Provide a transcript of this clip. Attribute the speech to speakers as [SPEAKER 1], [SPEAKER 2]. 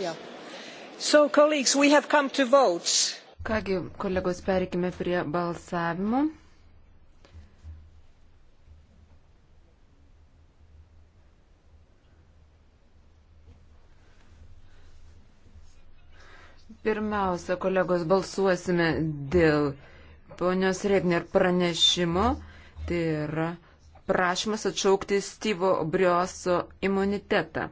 [SPEAKER 1] Yeah. So, colleagues, we have come to votes.
[SPEAKER 2] Kągi, kolegos, perikime prie balsavimo.
[SPEAKER 3] Pirmiausia,
[SPEAKER 2] kolegos, balsuosime dėl ponios Regner pranešimo. Tai yra prašymas atšaukti Styvo Brioso
[SPEAKER 4] imunitetą.